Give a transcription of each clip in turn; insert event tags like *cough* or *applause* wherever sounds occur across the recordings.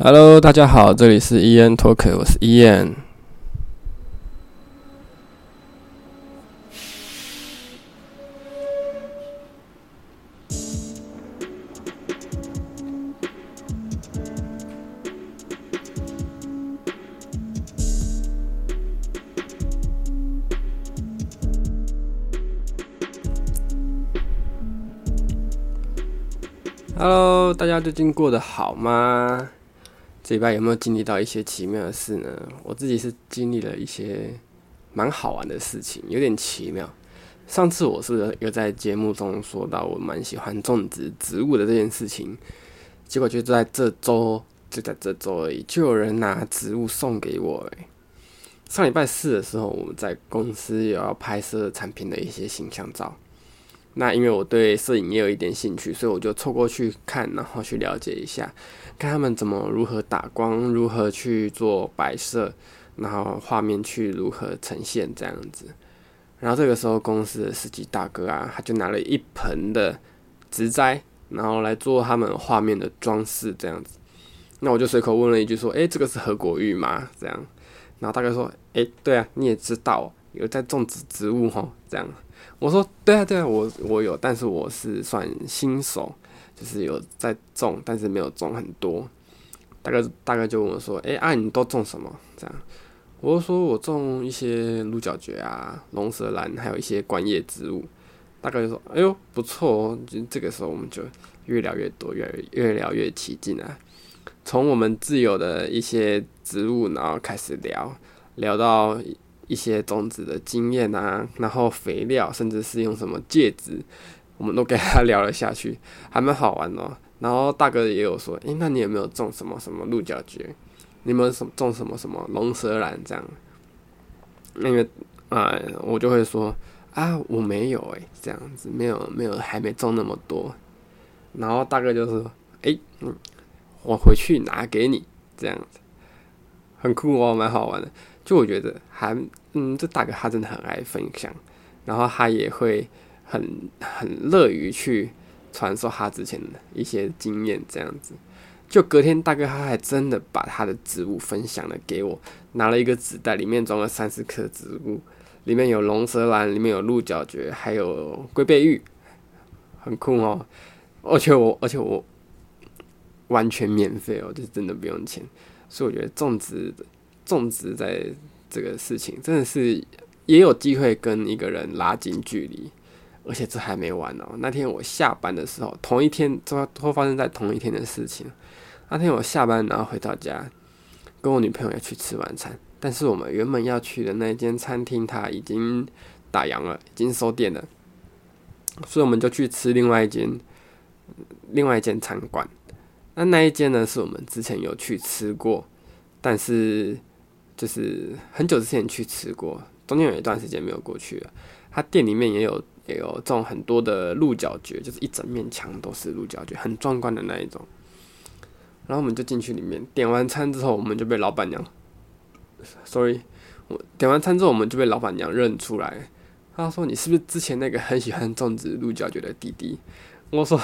哈嘍大家好，這裡是 Ian Talker，我是 Ian，哈嘍大家最近過得好嗎？這禮拜有沒有經歷到一些奇妙的事呢？我自己是經歷了一些蠻好玩的事情，有點奇妙。上次我是不是又在節目中說到我蠻喜歡種植植物的這件事情？結果就在這週，就在這週而已，就有人拿植物送給我欸。上禮拜四的時候，我們在公司有要拍攝產品的一些形象照。那因為我對攝影也有一點興趣，所以我就湊過去看，然後去了解一下，看他們怎麼如何打光，如何去做擺設，然後畫面去如何呈現這樣子。然後這個時候公司的司機大哥啊，他就拿了一盆的植栽，然後來做他們畫面的裝飾這樣子。那我就隨口問了一句說：“誒、欸，這個是何國玉嗎？”這樣。然後大哥說：“誒、欸，對啊，你也知道有在種植植物哦。”這樣。我說對啊對啊，我我有，但是我是算新手，就是有在種，但是沒有種很多。大哥大哥就問我說：“哎啊，你都種什麼？”這樣，我就說我種一些鹿角蕨啊、龍舌蘭，還有一些觀葉植物。大哥就說：“哎呦，不錯哦。”就這個時候我們就越聊越多，越越聊越起勁啊。從我們自有的一些植物，然後開始聊聊到，一些種子的經驗啊，然後肥料，甚至是用什麼介質，我們都跟他聊了下去，還蠻好玩的，哦。然後大哥也有說：“誒、欸，那你有沒有種什麼什麼鹿角蕨？你有沒有種什麼什麼龍舌蘭這樣？”那個啊，我就會說：“啊，我沒有誒、欸，這樣子，沒有沒有，還沒種那麼多。”然後大哥就說：“哎、欸，嗯，我回去拿給你，這樣子很酷哦，蠻好玩的。”就我覺得還，還嗯，這大哥他真的很愛分享，然後他也會很很樂於去傳授他之前的一些經驗，這樣子。就隔天，大哥他還真的把他的植物分享了給我，拿了一個紙袋，裡面裝了三十顆植物，裡面有龍舌蘭，裡面有鹿角蕨，還有龜背芋，很酷哦。而且我，而且我完全免費哦，就是真的不用錢，所以我覺得種植。種植在這個事情真的是也有機會跟一個人拉近距離，而且這還沒完哦。那天我下班的時候，同一天就會發生在同一天的事情。那天我下班然後回到家，跟我女朋友要去吃晚餐，但是我們原本要去的那間餐廳它已經打烊了，已經收店了，所以我們就去吃另外一間另外一間餐館。那那一間呢，是我們之前有去吃過，但是。就是很久之前去吃過，中間有一段時間沒有過去了。他店裡面也有也有種很多的鹿角蕨，就是一整面牆都是鹿角蕨，很壯觀的那一種。然後我們就進去裡面點完餐之後，我們就被老闆娘，sorry，我點完餐之後我們就被老闆娘，娘認出來。他說：“你是不是之前那個很喜歡種植鹿角蕨的弟弟？”我說：“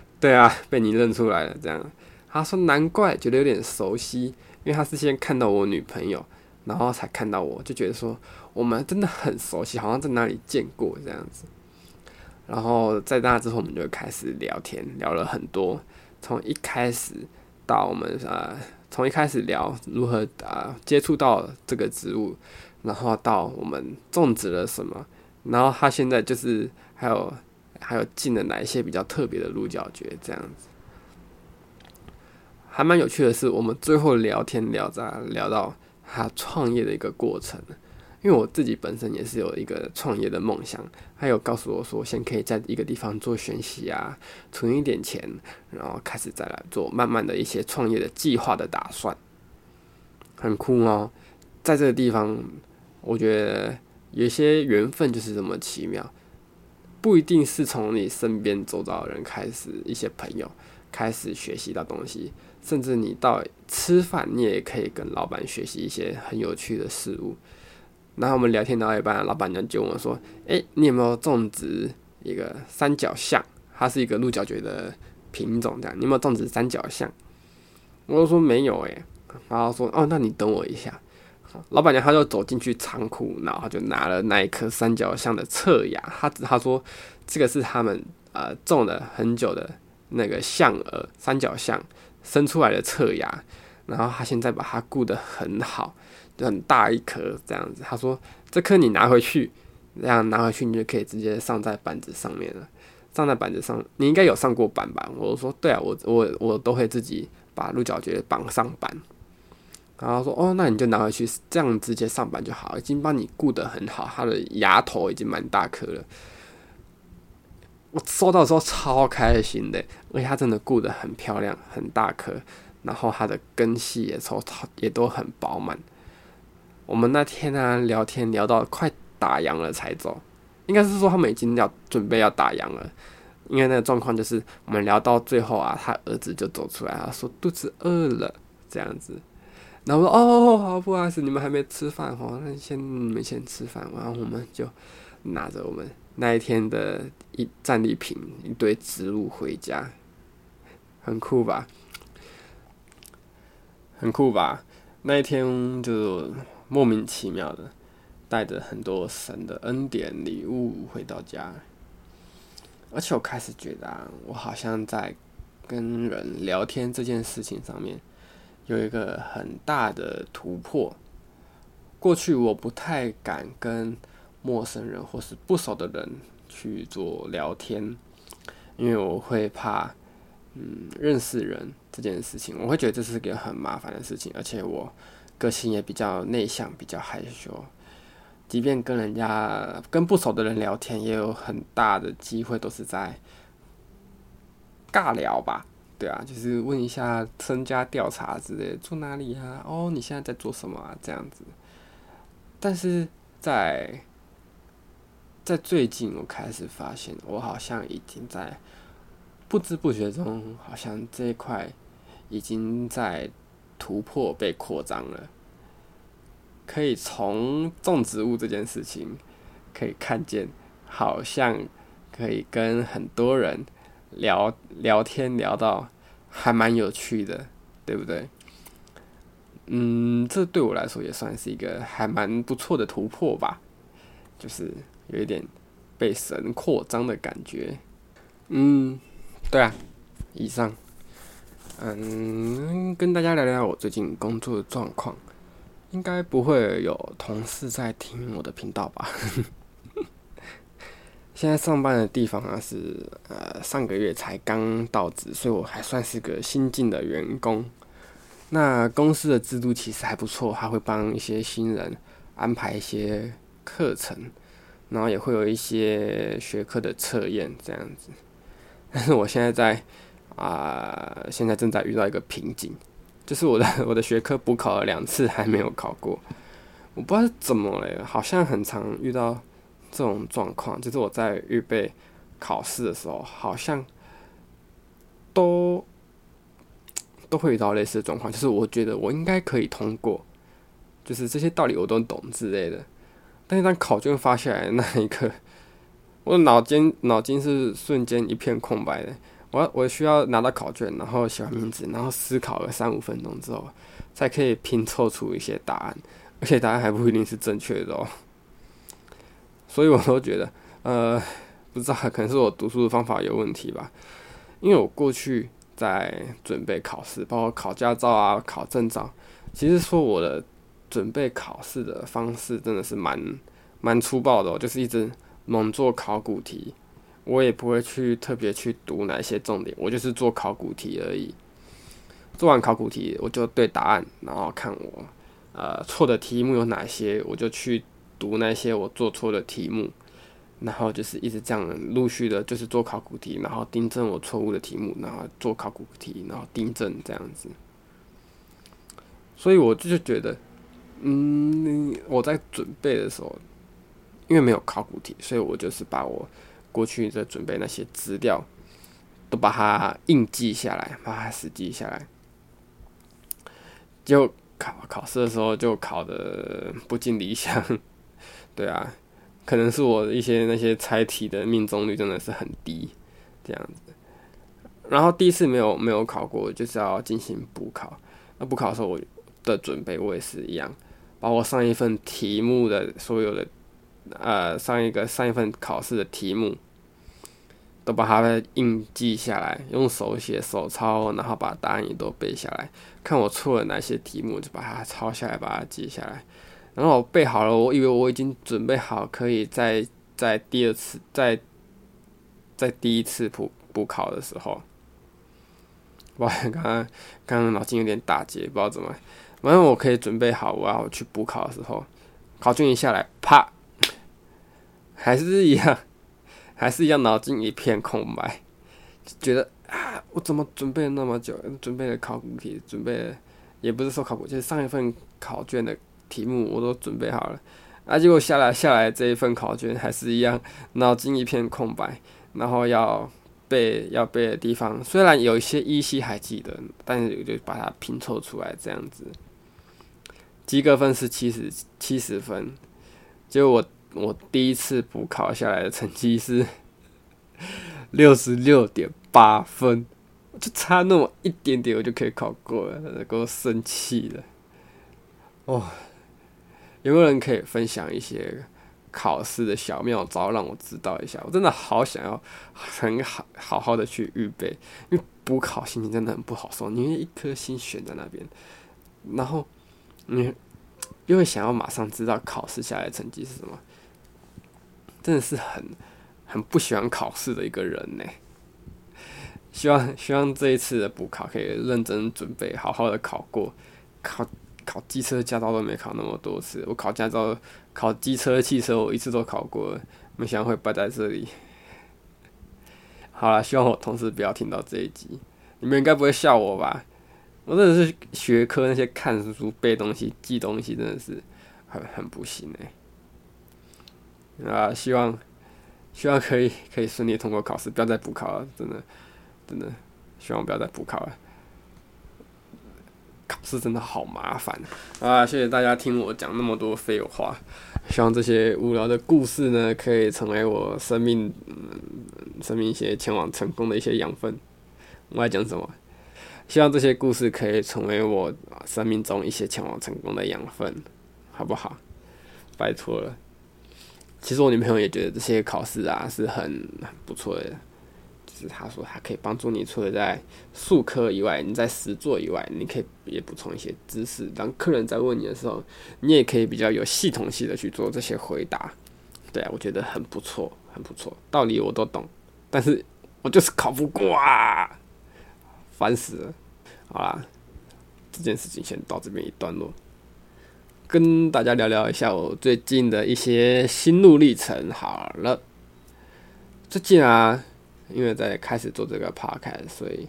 *laughs* 對啊，被你認出來了。”這樣他說：“難怪覺得有點熟悉，因為他是先看到我女朋友。”然後才看到我，就覺得說我們真的很熟悉，好像在哪裡見過這樣子。然後在那之後，我們就開始聊天，聊了很多。從一開始到我們啊、呃，從一開始聊如何啊、呃，接觸到這個植物，然後到我們種植了什麼，然後他現在就是還有還有進了哪一些比較特別的鹿角蕨這樣子。還蠻有趣的是，我們最後聊天聊着聊到。他創業的一個過程，因為我自己本身也是有一個創業的夢想，他有告訴我說，先可以在一個地方做學習啊，存一點錢，然後開始再來做慢慢的一些創業的計劃的打算，很酷哦。在這個地方，我覺得有些緣分就是這麼奇妙，不一定是從你身邊周遭的人開始，一些朋友開始學習到東西。甚至你到吃飯，你也可以跟老板學習一些很有趣的事物。然後我們聊天到一半，老板娘就問我說：“誒，你有沒有種植一個三角象？它是一個鹿角蕨的品種，這樣你有沒有種植三角象？”我就說：“沒有。”哎，然後說：“哦，那你等我一下。”老板娘她就走進去倉庫，然後就拿了那一顆三角象的側芽。她她說：“這個是他們呃種了很久的那個象耳三角象。”生出來的側芽，然後他現在把它顧得很好，就很大一顆這樣子。他說：“這顆你拿回去，這樣拿回去你就可以直接上在板子上面了。上在板子上，你應該有上過板吧？”我說：“對啊，我我我都會自己把鹿角蕨綁上板。”然後說：“哦，那你就拿回去，這樣直接上板就好。已經幫你顧得很好，它的芽頭已經蠻大顆了。”我收到的時候超開心的，而且它真的顧得很漂亮，很大顆，然後它的根系也超超也都很飽滿。我們那天呢、啊、聊天聊到快打烊了才走，應該是說他們已經要準備要打烊了，因為那個狀況就是我們聊到最後啊，他兒子就走出來啊說肚子餓了這樣子，然後我說哦好不好意思，你們還沒吃飯哦，那先你們先吃飯，然後我們就拿着我們。那一天的一戰利品，一堆植物回家，很酷吧？很酷吧？那一天就莫名其妙的，帶着很多神的恩典禮物回到家，而且我開始覺得，啊，我好像在跟人聊天這件事情上面有一個很大的突破。過去我不太敢跟。陌生人或是不熟的人去做聊天，因為我會怕，嗯，認識人這件事情，我會覺得這是一個很麻煩的事情，而且我個性也比較內向，比較害羞。即便跟人家跟不熟的人聊天，也有很大的機會都是在尬聊吧？對啊，就是問一下身家調查之類的，住哪裡啊？哦，你現在在做什麼啊？這樣子，但是在。在最近，我開始發現，我好像已經在不知不覺中，好像這一塊已經在突破被擴張了。可以從種植物這件事情，可以看見，好像可以跟很多人聊聊天，聊到還蠻有趣的，對不對？嗯，這對我來說也算是一個還蠻不錯的突破吧，就是。有一點被神擴張的感覺，嗯，對啊，以上，嗯，跟大家聊聊我最近工作的狀況，應該不會有同事在聽我的頻道吧？現在上班的地方啊是，呃，上個月才剛到職，所以我還算是個新進的員工。那公司的制度其實還不錯，他會幫一些新人安排一些課程。然後也會有一些學科的測驗這樣子，但是我現在在啊、呃，現在正在遇到一個瓶頸，就是我的我的學科補考了兩次還沒有考過，我不知道怎麼了，好像很常遇到這種狀況，就是我在預備考試的時候，好像都都會遇到類似的狀況，就是我覺得我應該可以通過，就是這些道理我都懂之類的。那、欸、張考卷發下來的那一刻，我腦筋腦筋是瞬間一片空白的。我我需要拿到考卷，然後寫完名字，然後思考個三五分鐘之後，才可以拼湊出一些答案，而且答案還不一定是正確的哦。所以我都覺得，呃，不知道可能是我讀書的方法有問題吧？因為我過去在準備考試，包括考駕照啊、考證照，其實說我的。準備考試的方式真的是蠻蠻粗暴的哦，就是一直猛做考古題，我也不會去特別去讀哪些重點，我就是做考古題而已。做完考古題，我就對答案，然後看我呃錯的題目有哪些，我就去讀那些我做錯的題目，然後就是一直這樣陸續的，就是做考古題，然後訂正我錯誤的題目，然後做考古題，然後訂正這樣子。所以我就覺得。嗯，我在準備的時候，因為沒有考古題，所以我就是把我過去在準備那些資料都把它硬記下來，把它死記下來。就考考試的時候就考得不盡理想， *laughs* 對啊，可能是我一些那些猜題的命中率真的是很低，這樣子。然後第一次沒有沒有考過，就是要進行補考。那補考的時候我的準備我也是一樣。把我上一份題目的所有的，呃，上一個上一份考試的題目，都把它印記下來，用手寫手抄，然後把答案也都背下來。看我錯了哪些題目，就把它抄下來，把它記下來。然後我背好了，我以為我已經準備好，可以在在第二次在在第一次補補考的時候。我剛剛剛剛腦筋有點打結，不知道怎麼。反正我可以準備好，我要我去補考的時候，考卷一下來，啪，還是一樣，還是一樣腦筋一片空白，覺得啊，我怎麼準備了那麼久，準備了考古題，準備也不是說考古，就是上一份考卷的題目我都準備好了，啊，結果下來下來這一份考卷還是一樣，腦筋一片空白，然後要。背要背的地方，雖然有一些依稀還記得，但是我就把它拼湊出來這樣子。及格分是七十七十分，就我我第一次補考下來的成績是六十六點八分，就差那麼一點點，我就可以考過了，給我生氣了。哦，有沒有人可以分享一些？考試的小妙招，讓我知道一下。我真的好想要很好好好的去預備，因為補考心情真的很不好受。你一顆心懸在那邊，然後你又會想要馬上知道考試下來的成績是什麼，真的是很很不喜歡考試的一個人呢。希望希望這一次的補考可以認真準備，好好的考過。考考機車駕照都沒考那麼多次，我考駕照。考機車、汽車，我一次都考過，沒想到會敗在這裡。好了，希望我同事不要聽到這一集，你們應該不會笑我吧？我真的是學科那些看書、背東西、記東西，真的是很很不行哎、欸。啊，希望希望可以可以順利通過考試，不要再補考了。真的真的，希望不要再補考了。考試真的好麻煩啊，啊！謝謝大家聽我講那麼多廢話，希望這些無聊的故事呢，可以成為我生命、生命一些前往成功的一些養分。我要講什麼？希望這些故事可以成為我生命中一些前往成功的養分，好不好？拜托了。其實我女朋友也覺得這些考試啊是很不錯的。他說：“他可以幫助你，除了在術科以外，你在實作以外，你可以也補充一些知識。當客人在問你的時候，你也可以比較有系統性的去做這些回答。對啊，我覺得很不錯，很不錯。道理我都懂，但是我就是考不過啊，煩死了！好啦，這件事情先到這邊一段落，跟大家聊聊一下我最近的一些心路歷程。好了，最近啊。”因為在開始做這個 Podcast，所以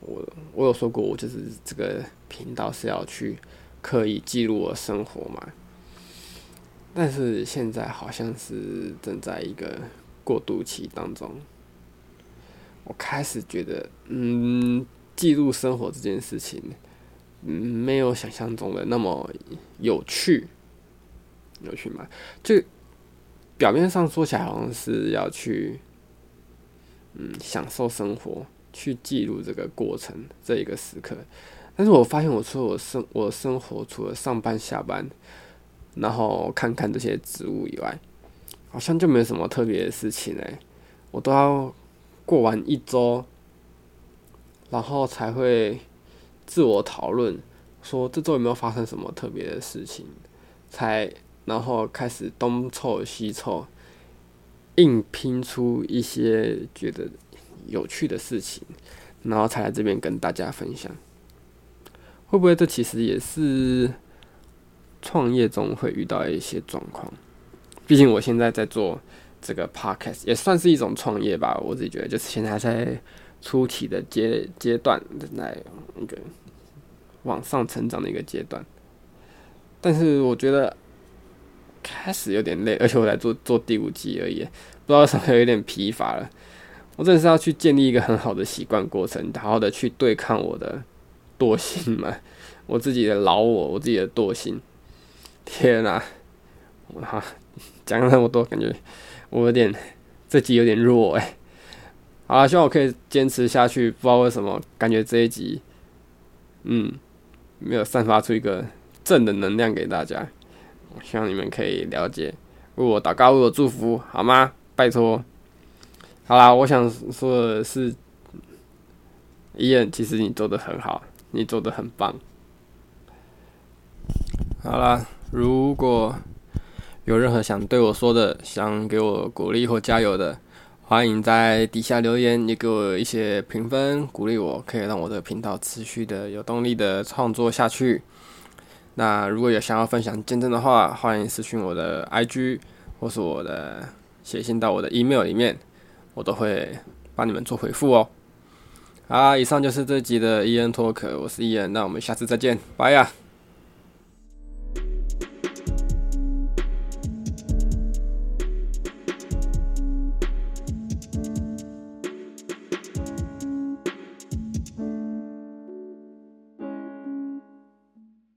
我我有說過，我就是這個頻道是要去刻意記錄我生活嘛。但是現在好像是正在一個過渡期當中，我開始覺得，嗯，記錄生活這件事情，嗯，沒有想象中的那麼有趣，有趣嘛，就表面上說起來，好像是要去。嗯，享受生活，去記錄這個過程，這一個時刻。但是我發現我除了我，我說我生我生活，除了上班下班，然後看看這些植物以外，好像就沒有什麼特別的事情嘞、欸。我都要過完一周，然後才會自我討論，說這周有沒有發生什麼特別的事情，才然後開始東湊西湊。併拼出一些覺得有趣的事情，然後才來這邊跟大家分享。會不會這其實也是創業中會遇到一些狀況？畢竟我現在在做這個 podcast，也算是一種創業吧。我自己覺得，就是現在還在初期的階階段，正在一個往上成長的一個階段。但是我覺得。開始有點累，而且我才做做第五集而已，不知道為什麼有點疲乏了。我真的是要去建立一個很好的習慣過程，好好的去對抗我的惰性嘛，我自己的老我，我自己的惰性。天哪、啊，我哈講了那麼多，感覺我有點，這集有點弱哎。好啦，希望我可以堅持下去。不知道為什麼，感覺這一集嗯沒有散發出一個正的能量給大家。希望你們可以了解，為我禱告，為我祝福，好嗎？拜託。好啦，我想說的是，伊恩，其實你做得很好，你做得很棒。好啦，如果有任何想對我說的，想給我鼓勵或加油的，歡迎在底下留言，也給我一些評分鼓勵我，可以讓我的頻道持續的有動力的創作下去。那如果有想要分享見證的話，歡迎私訊我的 IG，或是我的寫信到我的 email 裡面，我都會幫你們做回復哦。好，以上就是這集的 Ian Talk，我是 Ian，那我們下次再見，拜呀，啊。